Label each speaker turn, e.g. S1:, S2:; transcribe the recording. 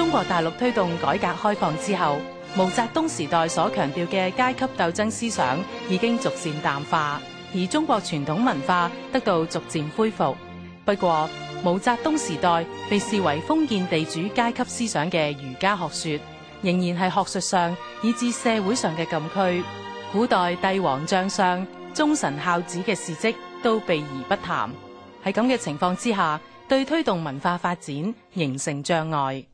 S1: 中國大陸推動改革開放之後，毛澤東時代所強調嘅階級鬥爭思想已經逐漸淡化，而中國傳統文化得到逐漸恢復。不過，毛澤東時代被視為封建地主階級思想嘅儒家學說，仍然係學術上以至社會上嘅禁區。古代帝王將相、忠臣孝子嘅事跡都避而不談，喺咁嘅情況之下，對推動文化發展形成障礙。